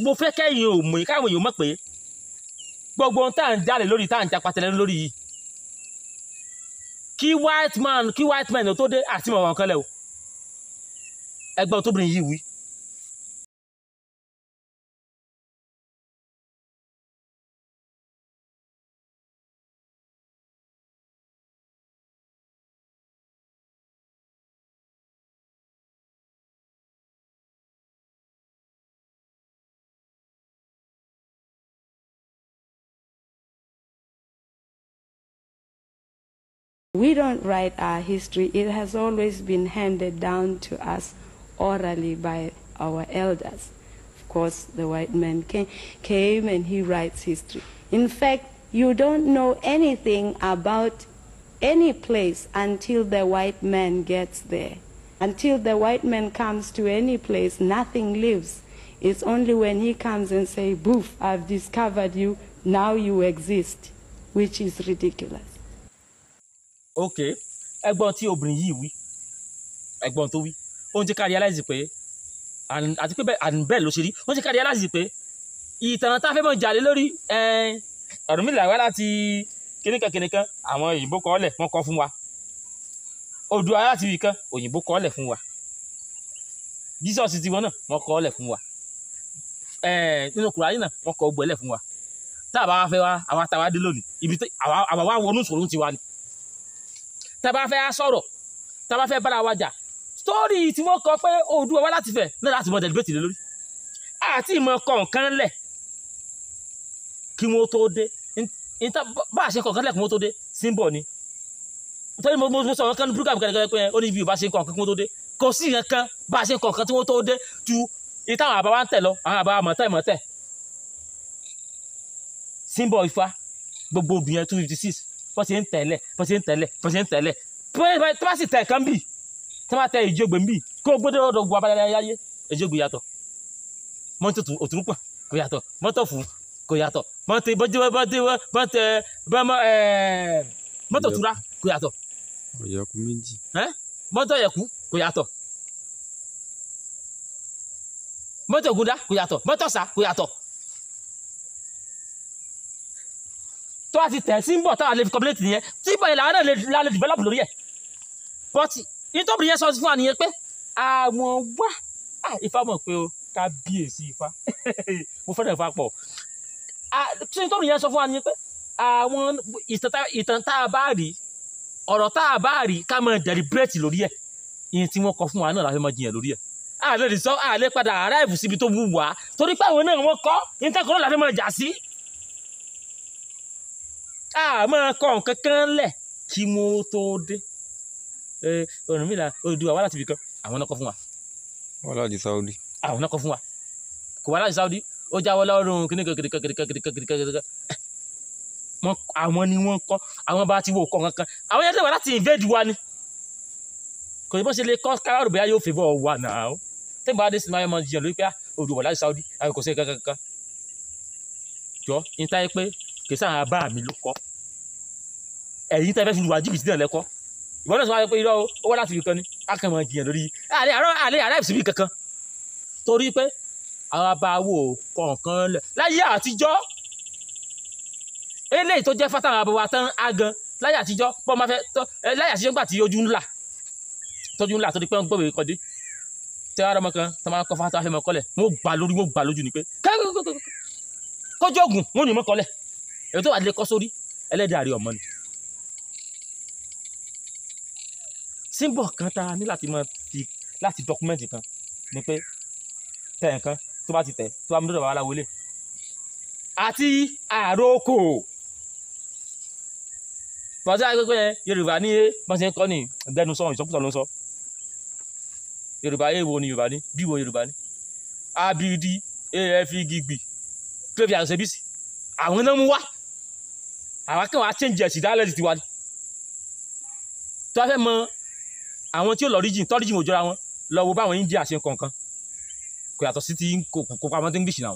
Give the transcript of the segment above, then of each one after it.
mo fẹ́ kẹ́yìn ò mọ̀ káwọn èèyàn mọ̀ pé gbogbo ohun tá à ń jalè lórí tá à ń japa tẹ̀lé lórí yìí kí white man kí white man tó dé àti mọ̀ wọn kan lẹ́wọ̀ ẹgbẹ́ tó bìnrin yìí wí We don't write our history. It has always been handed down to us orally by our elders. Of course, the white man came, came and he writes history. In fact, you don't know anything about any place until the white man gets there. Until the white man comes to any place, nothing lives. It's only when he comes and say, boof, I've discovered you, now you exist, which is ridiculous. ok ẹgbọ́n tí obìnrin yìí wí ẹgbọ́n tó wí ó ń jẹ́ ká realize pé àti pé bẹ́ẹ̀ ló ṣe rí ó ń jẹ́ ká realize pé ìtàn tá a fẹ́ mọ̀ jà lé lórí Ọ̀rúnmìlà wá láti kíníkan kíníkan àwọn òyìnbó kọ́ ọ́lẹ̀ wọ́n kọ́ fún wa Oòduà láti ibì kan òyìnbó kọ́ ọ́lẹ̀ fún wa Jesus tiwọn náà wọ́n kọ́ ọ́lẹ̀ fún wa nínú Kùránì náà wọ́n kọ́ gbọ́lẹ̀ fún wa tá a bá wá fẹ́ wá àwa tá a wá dé lónìí ibi tí àwa wá wọnú ìṣòro tiwa ni tàbá fẹ́ sọ̀rọ̀ tàbá fẹ́ bára wa jà sítórì tí wọ́n kọ pé Oòduà wá láti fẹ̀ náà láti mọ dẹ̀lúbẹ̀tì lé lórí àti ìmọ̀ kọ̀ọ̀kan lẹ̀ kí wọ́n tó dé bá a ṣe kọ̀ọ̀kan lẹ̀ kí wọ́n tó dé símbọ̀ ni nítorí mo mo sọ wọn kan ní program kan pé ó ní ibi ìbá ṣe kọ̀ọ̀kan kí wọ́n tó dé kò sí ìyẹn kan bá a ṣe kọ̀ọ̀kan tí wọ́n tó dé ju ìtàwọn àbá wa ń tẹ̀ lọ àwọn àbá wa mọ̀tẹ́ mọ̀tẹ́ símbọ̀ ifá gbogbo obìnrin two fifty six bó ṣe ń tẹ̀lẹ̀ bó ṣe ń tẹ̀lẹ̀ bó ṣe ń tẹ̀lẹ̀ tó bá sì tẹ̀ kan bì tó bá tẹ ìjógbe ń bì kó o gbọ́dọ̀ ọ̀dọ̀ gbọ́ abáyáyá yé ìjógbe yàtọ̀ mọ́tò òtúrúpọ̀ kò yàtọ̀ mọ́tò fún kò yàtọ̀ mọ́tò bọ́tẹ bọ́tẹ bọ́tẹ mọ́tò tura kò yàtọ̀. ọ̀yẹ̀kú méjì. mọ́tò ọ̀yẹ̀kú kò yàtọ̀ mọ́tò ògúndá kò yàtọ̀ mọ́tò ọ̀sà kò yàtọ̀ tó a ti tẹ̀ sí ń bọ̀ táwa lè pas complete nìyẹn tí le yẹn làwọn náà lè lè develop lórí ẹ̀ but nítorí yẹn sọ fún wa nìyẹn pé àwọn wá Ifá mọ̀ pé o kábíyèsí Ifá mo fẹ́ràn Ifá pọ̀ nítorí yẹn sọ fún wa nìyẹn pé àwọn ìtàn tá a bá rí ọ̀rọ̀ tá a bá rí ká máa deliberate lórí ẹ̀ ìyẹn tí wọ́n kọ fún wa náà la fẹ́ máa jiyàn lórí ẹ̀ àlè rìsọ́ àlè padà arrive síbi tó wù wá torí pé àwọn náà wọ́n kọ́ ìtàn kan náà la fẹ́ máa jà sí a máa kọ nǹkan kan lẹ̀ kí mo tó dé ọ̀rùn mi là Odùduwà wá láti ibì kan àwọn náà kọ fún wa. wọ́n láti Saudi. àwọn náà kọ fún wa kò wá láti Saudi ó jáwọ́ lọ́rùn kìnnìkankìnnìkankìnnìkankìnnìkankìnnìkan àwọn ni wọ́n kọ́ àwọn bá ti wò kọ́ kankan àwọn yẹn tẹ̀wá láti invade wa ni kò ní bó ṣe lè kọ́ káwárò bóyá yóò favour wa náà o tẹ́lẹ̀ bá dé sinimá yẹn mọ jiyàn lórí pé ah, Odùduwà láti Saudi àwọn kò sí kankan jọ níta yẹ pé kì í sáà bá mi ló kọ́ ẹ̀yin tẹ́ fẹ́ fi lu wájibì sí náà lẹ́kọ́ ìwọ náà sọ wáyé pé irọ́ ó wá láti ibìkan ni a kàn máa jiyàn lórí àlẹ́ àrọ́ àlẹ́ àrá ìbísí kankan torí pé àwọn abáwo kọ̀ọ̀kan lẹ̀ láyé àtijọ́ eléyìí tó jẹ́ fátàwọn abáwa tán á gan láyé àtijọ́ bọ́n máa fẹ́ láyé àtijọ́ gbà tí ojú ńlá tọ́jú ńlá tó di pé wọ́n gbọ́wé kọ́dé tẹ́ ara ọmọ kan tó máa kọ́ fátàwọn afẹ́mọ́ kọ́lẹ̀ wọ́n gbà lórí wọ́n gbà lójú ni pé kọ́jọ́gùn wọ́n ní mọ́ kọ́lẹ̀ èyí tó wà lè kọ́ sórí ẹlẹ́dàá rí ọmọ ni. símbọ̀ kan tá a ní láti mọ fi láti dọ́kúmẹ́ǹtì kan ni pé tẹ nǹkan tó bá ti tẹ̀ tó bá mú dọ́dọ̀ bàbá aláwọlé àti àròkò pàṣẹ àgbẹ̀gbẹ̀ yorùbá ní bàṣẹ kọ́ ni gbẹnu sọ ìsọkúsọ ló ń sọ yorùbá yé wo ni yorùbá ní bí wo yorùbá ní abd afgb e clavia ṣebí sí àwọn náà mú wá àwa kàn wá change ẹ̀sìn dialect tiwa ni tó a fẹ́ mọ àwọn tí ó lọ́ríjìn tọ́ríjìn òjòra wọn lọ wo báwọn India ṣe kọ̀ọ̀kan kò yàtọ̀ sí ti kò pa àwọn tó English náà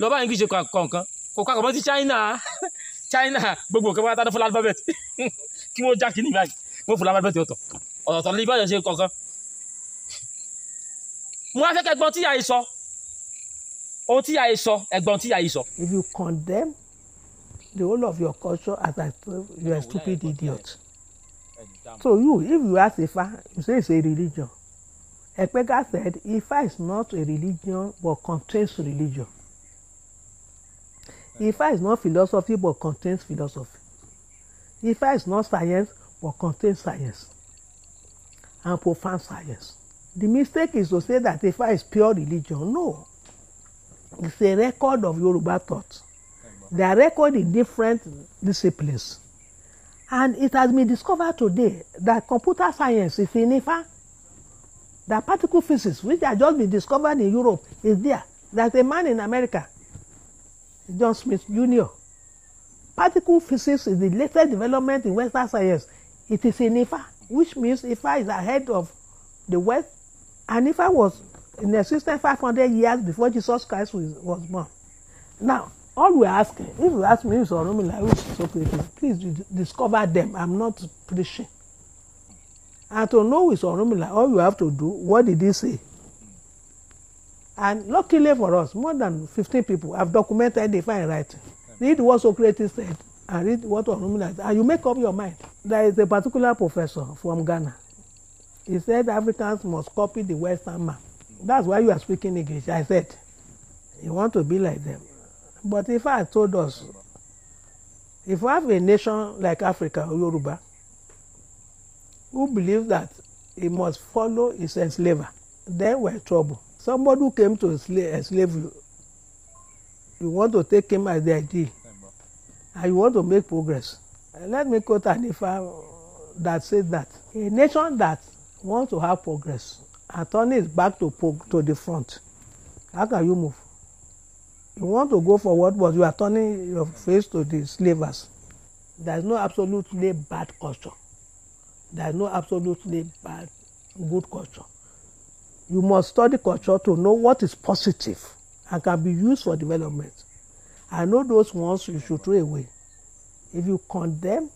lọ báwọn English ṣe kọ̀ọ̀kan kò pa àkọ́mọ́ ti China China gbogbo nǹkan bá tánú fún alphabet kí wọ́n já kínní báyìí wọ́n fún alphabet ọ̀tọ̀ ọ̀tọ̀ ní báyọ̀ ṣe kọ̀ọ̀kan mo wá fẹ́ kẹ́gbọ́n tíyà yìí sọ ohun tíyà yìí sọ ẹ̀gbọ́n tíyà yìí sọ. If you condemn the whole of your culture as I told you are a stupid idiot. So you, if you ask Ifa, you say it's a religion. Ekpega said, Ifa is not a religion but contains religion. Ifa is not philosophy but contains philosophy. Ifa is not science but contains science and profound science. The mistake is to say that Ifa is pure religion. No. It's a record of Yoruba thought. They are recorded in different disciplines. And it has been discovered today that computer science is in IFA. That particle physics, which has just been discovered in Europe, is there. There's a man in America, John Smith Jr. Particle physics is the latest development in Western science. It is in IFA, which means IFA is ahead of the West. And IFA was in existence 500 years before Jesus Christ was, born. Now, all we ask if you ask me if it's Orunmila which is okay please discover them I'm not preaching and to know it's Orunmila all you have to do what did he say and luckily for us more than fifteen people have documented the fine writing read what Socrates said and read what Oromila. said and you make up your mind there is a particular professor from Ghana he said Africans must copy the Western man that's why you are speaking English I said you want to be like them but if I told us if we have a nation like Africa or Yoruba who believe that he must follow his enslaver then we're in trouble somebody who came to slave, enslave you you want to take him as the ideal, and you want to make progress let me quote an that said that a nation that wants to have progress and turn its back to, to the front how can you move You want to go forward, but you are turning your face to the slavers. There is no absolutely bad culture. There is no absolutely bad good culture. You must study culture to know what is positive and can be used for development. I know those ones you should throw away. If you condemn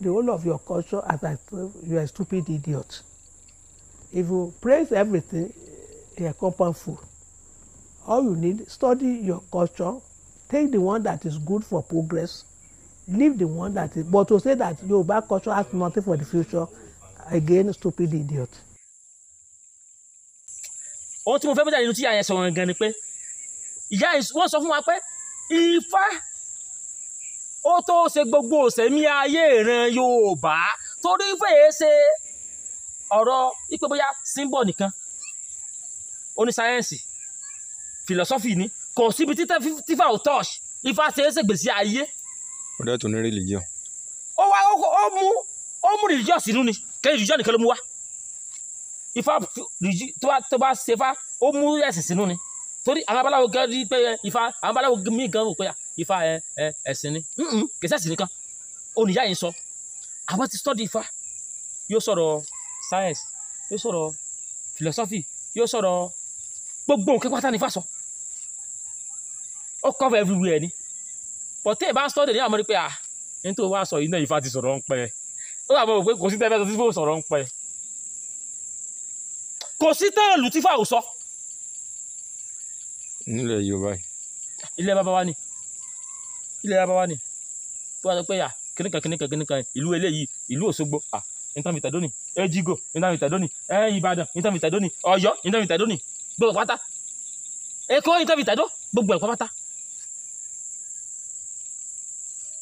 the whole of your culture as I a you are a stupid idiot. If you praise everything, you are a compound fool all you need study your culture take the one that is good for progress leave the one that is but to say that Yoruba culture has nothing for the future again stupid idiot. ohun tí mo fẹ́ mú jáde tí ìyá yẹn sọ̀rọ̀ gan ni pé ìyá wọ́n sọ fún wa pé Ifá ó tó ṣe gbogbo òsèmí ayé ìran Yorùbá torí Ifá ṣe ọ̀rọ̀ ipe bóyá símbọ̀ nìkan oní philosophy ni kò síbi tífà ò touch ifá ṣe é ṣègbèsí ayé. ó dẹ́ tún ní religion. ó wá ó mú ó mú religion sínú ni kẹ́ religion nìkan ló mú wá ifá tó bá ṣe fá ó mú ẹ̀sìn sínú ni torí àwọn abáláwo gan rí pé ifá àwọn abáláwo míì gan rò pé ah, ifá ẹ̀sìn ni kì í ṣẹ̀sìn nìkan oníyá yìí sọ àwọn ti study ifá yóò sọ̀rọ̀ science yóò sọ̀rọ̀ philosophy yóò sọ̀rọ̀ gbogbo nǹkan pátá ni Ifá sọ ó cover everywhere ni but tẹ́ ẹ̀ bá ń sọ́dọ̀ ní àmọ́ ni pé à ah, ní tó wá sọ yìí náà Ifá ti sọ̀rọ̀ ń pẹ́ ó dàbọ̀ pé kò sí tẹ́ fẹ́ sọ sí fò sọ̀rọ̀ ń pẹ́ kò sí tẹ́ òlù tí Ifá ò sọ. nílẹ̀ Yorùbá yìí. ilé bàbá wa ni ilé bàbá wa ni tó wá sọ pé à ah, kìnìkan kìnìkan kìnìkan ìlú eléyìí ìlú Òṣogbo à nítorí tàdónì Ejigo nítorí tàdónì eh, Ìbàdàn nítorí tàdónì Ọ̀yọ́ nítorí tàdónì gbogbo pátá èkó yìí tẹ́bi tẹ́jọ́ gbogbo ẹ̀kọ́ pátá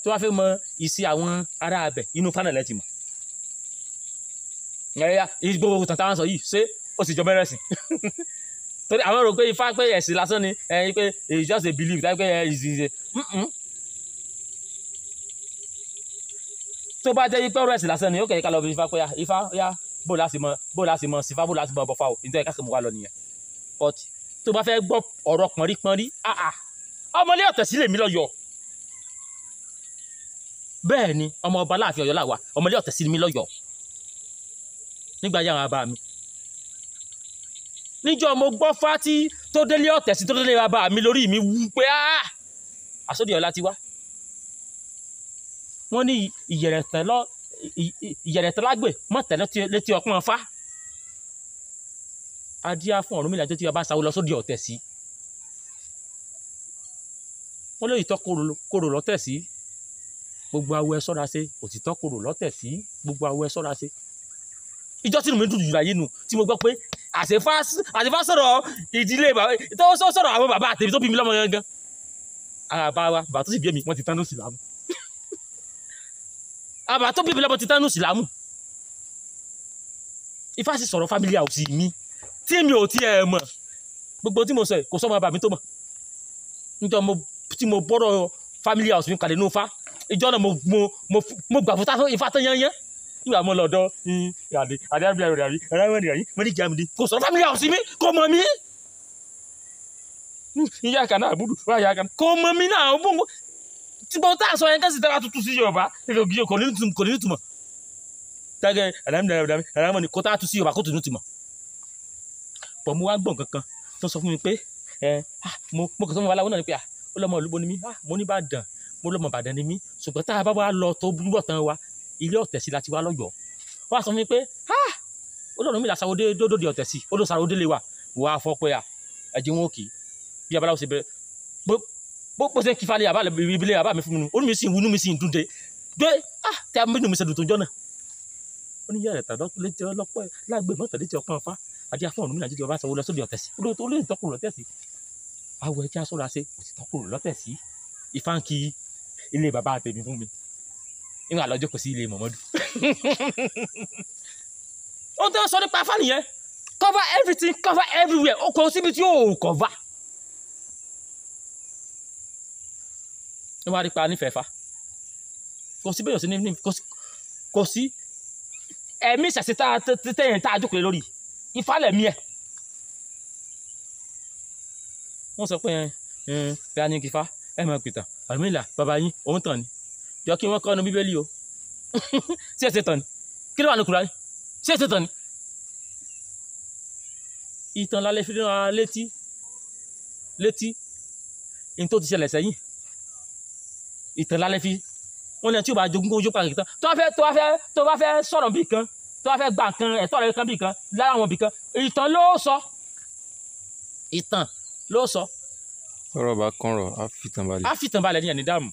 tó wá fẹ́ mọ ìsí àwọn ará abẹ inú panel ẹ ti mọ̀ ẹ̀yà gbogbo tàntà sọ yìí ṣé ó sì jọ bẹ̀rẹ̀ sí torí àwọn rò pé ifá pé ẹ̀sìn lásán ni ẹ̀yin pé èyí just a belief tàbí pé ìzìzì tó bá jẹ́ pé ọ̀rọ̀ ẹ̀sìn lásán ni ó kẹ̀ ká lọ bí ifá pé ah, ifá yá bó láti mọ bó láti mọ sífá bó láti mọ bọ́fá o nítorí ká kẹ́ mọ́ wá lọ nìyẹn but tó bá fẹ́ gbọ́ ọ̀rọ̀ pọ̀nrípọ̀nrí ah, ah, ọmọlé ọ̀tẹ̀ sílẹ̀ mi lọ́yọ̀ bẹ́ẹ̀ ni ọmọ ọba láàfin ọ̀yọ́ làwà ọmọlé ọ̀tẹ̀ sílẹ̀ mi lọ́yọ̀ nígbà yàrá bá mi níjọ́ mo gbọ́ fátí tó délé ọ̀tẹ̀ sí tó délé bàbá mi lórí mi wú pé ah, àsódì ọ̀la ti wá wọ́n ní ìyẹ̀rẹ̀tẹ̀ lágbè mọ̀tẹ̀ létí ọpọ́n fá adíá fún Ọ̀rúnmìlà tó ti bàbá sáwó lọ sóde si sí wọ́n lóyìí tọ́ korò lọ́tẹ̀ sí gbogbo awo ẹ sọ́ra ṣe òtítọ́ korò lọ́tẹ̀ sí gbogbo awo ẹ sọ́ra ṣe ìjọ tí mo dùn jù láyé nu tí mo gbọ́ pé àṣefá sọ̀rọ̀ ìdílé bàbá tó sọ̀rọ̀ àwọn bàbá àtẹ̀bí tó bí mi lọ́mọ gangan àbá wa bàbá tó sì bí mi wọ́n ti tánú sílámù àbá tó bí mi lọ́mọ ti tánú sílámù Ifá sì sọ̀rọ̀ fámílì àwòsí mi tí mi ò tiẹ̀ mọ̀ gbogbo tí mo sọ kò sọ́mọ bàbá mi tó mọ̀ níjọ́ tí mo bọ́rọ̀ family house mi pàdé ní Ifá ìjọ náà mo mo mo gbà fún Ifá tán yányán ìwà mo lọ́dọ̀ àdé àdé àbí àrò rẹ̀ ẹ̀rọ ẹ̀rọ rẹ̀ mo ní jẹ́mi kò sọ̀rọ̀ family house mi kò mọ̀ mí ìyá kan náà àbúrò wá ìyá kan kò mọ̀ mí náà ó bóńgbó tí bọ́ tá a sọ yẹn kẹ́sì dára tuntun sí Yorùbá kò ní ìtumọ̀ tẹ́gẹ̀ ẹ̀rọ ẹ̀rọ rẹ̀ ẹ̀rọ ẹ̀rọ kò tá a tún sí Yorùbá kó tún ní ìtumọ̀ pọ̀ mo wá gbọ̀n kankan tó sọ fún mi pé ẹ eh, ah, mo mo kàn sọ fún babaláwo náà ni pé ah, ó lọ́mọ olúbo ni mí ah, mo ní Ìbàdàn mo lọ́mọ Ìbàdàn ni mí ṣùgbọ́n tá a bá wá lọ tó búrúbọ̀ tán wa ilé ọ̀tẹ̀ sí láti wá lọ́yọ̀ọ́ wọ́n á sọ fún mi pé Ọlọ́run mi là sáwọ́ dódòdì ọ̀tẹ̀ sí ó ló sáwọ́ délé wa wọ́n á fọ́ pé ẹ̀jẹ̀ wọn ò kì í bí babaláwo ṣe bẹ̀rẹ̀ bó bó ṣe kífà lé àbá lè bíbí lé ah tí a mẹ́nu mi ṣe dùn tó ń jọ́ náà ó ní yàrá ìtàdọ́ létí ọlọ́pọ̀ lágbè àti afọ ọ̀run nílànà jíjọba sanwó lọ sóde ọ̀tẹ̀sí olóòótọ́ olóyè tọkùrù lọ́tẹ̀sí awọ ẹja sọ́ra ṣe kò sì tọkùrù lọ́tẹ̀sí ifá ń kí ilé bàbá àtẹ̀mí fún mi ìwà lọ́jọ́ kò sí ilé mọ̀mọ́dù ohun tó ń sọ nípa afá nìyẹn cover everything cover everywhere ó kọ síbi tí yóò cover ló máa rí pa nífẹ̀ẹ́ fa kò sí bẹ́ẹ̀ yóò sí ní kò sí ẹ̀mí ìṣàṣetá tẹ̀yìn tá a jókòó lórí yìí ìfàlẹ̀mí ẹ̀ wọ́n sọ pé bí a ní kífá ẹ máa pìtàn àlùmílà bàbá yín òun tàn ni jọ kí wọ́n kọ́ nu bíbélì o sí ẹ̀sẹ̀ tàn ni kí ló wà ní kura yín sí ẹ̀sẹ̀ tàn ni. ìtàn lálẹ́ fi rán ara létí létí ní tó ti ṣẹlẹ̀ sẹ́yìn ìtàn lálẹ́ fi wọ́n ní ẹ tí ò bá jogún kó jogún pàkìtàn tó bá fẹ́ tó bá fẹ́ sọ̀rọ̀ bí kan tó wá fẹ́ gba nǹkan ẹ̀tọ́ rẹ̀ kan bí kan lára àwọn bìkan ìtàn ló sọ ìtàn ló sọ. tọrọ bá kọrọ A fìtàn balẹ̀. á fìtàn balẹ̀ níyàn ní dààmú.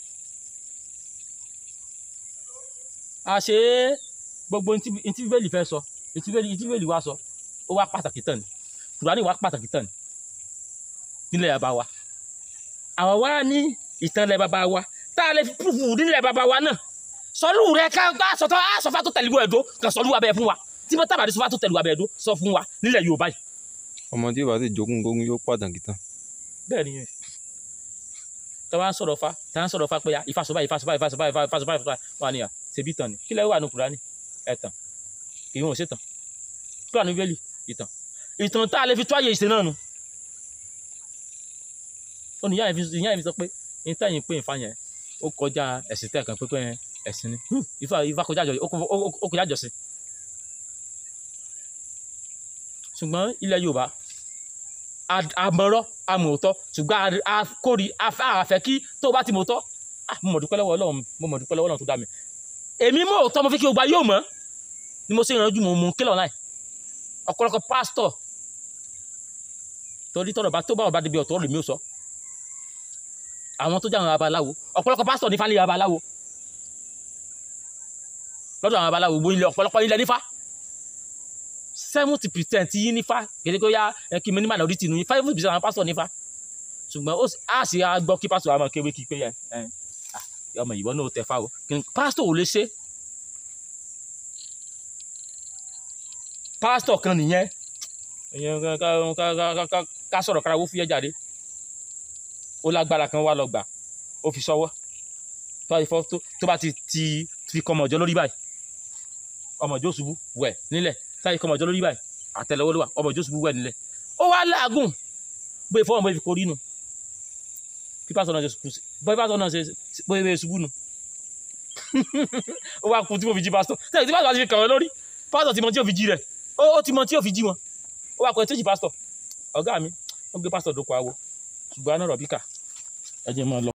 àṣé gbogbo ntí bíbélì fẹ́ sọ ntí bíbélì wá sọ ó wá pàtàkì tán ni kùránì wá pàtàkì tán ni nílẹ̀ bàbá wa àwọn wa ní ìtàn ilẹ̀ bàbá wa tá a lè fi púpù nílẹ̀ bàbá wa náà sọlú rẹ ká sọtọ á sọfà tó tẹlifù ẹdọ kan sọlú abẹ fún wa tí bá tàbàdì sọfà tó tẹlifù abẹ ẹdọ sọ fún wa nílẹ̀ Yorùbá yìí. ọmọ tí yorùbá ti jogún gógún yóò pàdán kìtàn. bẹ́ẹ̀ ni tí wọn sọ̀rọ̀ fa tí wọn sọ̀rọ̀ fa pé ìfàsọba ìfàsọba ìfàsọba ìfàsọba ìfàsọba wà ní à ṣebí tàn ni kílẹ̀ wà ní Kùránì ẹ̀tàn kì í wọn ṣe tàn kí wà ní bẹ́ẹ̀lì ìtàn ìtàn tá a lè fi tó àyè ìṣe náà nu. ó ní ìyá yẹn fi sọ pé ìtàn yìí pé ìfà yẹn ó kọjá ẹ̀sìn tẹ̀ kan pé pé ẹ̀sìn ni hmm, ifá ifá kọjá àjọyọ̀ ó kọjá àjọsìn ṣùgbọ́n ilẹ̀ yorùbá àmọ̀rọ̀ àmọ̀ọ́tọ́ ṣùgbọ́n àkórì àfẹ́ kí tó bá ti mọ̀ọ́tọ́ mo mọ̀ dúpẹ́ lọ́wọ́ ọlọ́run mo mọ̀ dúpẹ́ lọ́wọ́ ọlọ́run tó dá mi èmi mọ̀ọ́tọ́ mo fi kí gbogbo ayé mọ̀ ni mo ṣe ìrànjú mo mú kílọ̀ láì ọ̀pọ̀lọpọ̀ pásítọ̀ torí tọ̀rọ̀ bá tó bá ọba débi ọ̀tọ̀ lèmi ò sọ àwọn tó jẹ́ àwọn babaláwo ọ̀pọ̀lọpọ̀ pásítọ̀ ní fálẹ́ babaláwo lọ́dọ̀ àwọn babaláwo gbogbo ilẹ̀ ọ̀pọ̀lọpọ̀ ilẹ̀ nífa seventy percent yín nífa gbèdéke ya kí mi ní minority nù yín five percent àwọn pásítọ̀ nífa ṣùgbọ́n a sì gbọ́ kí pásítọ̀ àmọ́ kéwé kí pé yẹn ọmọ ìwọ náà tẹ fáwọ pásítọ̀ ò lè ṣe pásítọ̀ kan nìyẹn ká sọ̀rọ̀ kára wó fúyẹ́ jáde ó lágbára kan wá lọ gbà ó fi sọ́wọ́ tó bá ti ti fi kọmọ ọjọ́ lórí báyìí ọmọ ìjọ ṣubú wẹ̀ nílẹ̀ táyì kọ́ ọmọ ìjọ lórí báyìí àtẹlẹwọ́ ló wà ọmọ ìjọ ṣubú wẹ̀ nílẹ̀ ó wá láàgùn bó ifọ̀ ọmọ ìfikọ̀ rínu pípa sọ̀nà ṣe ṣubú bó ifá sọ̀nà ṣe bó ewé ṣubú nu ó wá kú tí mo fi jí pásítọ̀ tẹ̀lé tí pásítọ̀ ti fi kàn wọ́n lórí pásítọ̀ ti mọ tí ò fi jí rẹ̀ ó ti mọ tí ò fi jí wọn ó wá kọ ẹ̀ tí ò jí pásítọ̀ ọ̀gá mi wọ́n gbé pásítọ̀ dóko ṣùgbọ́n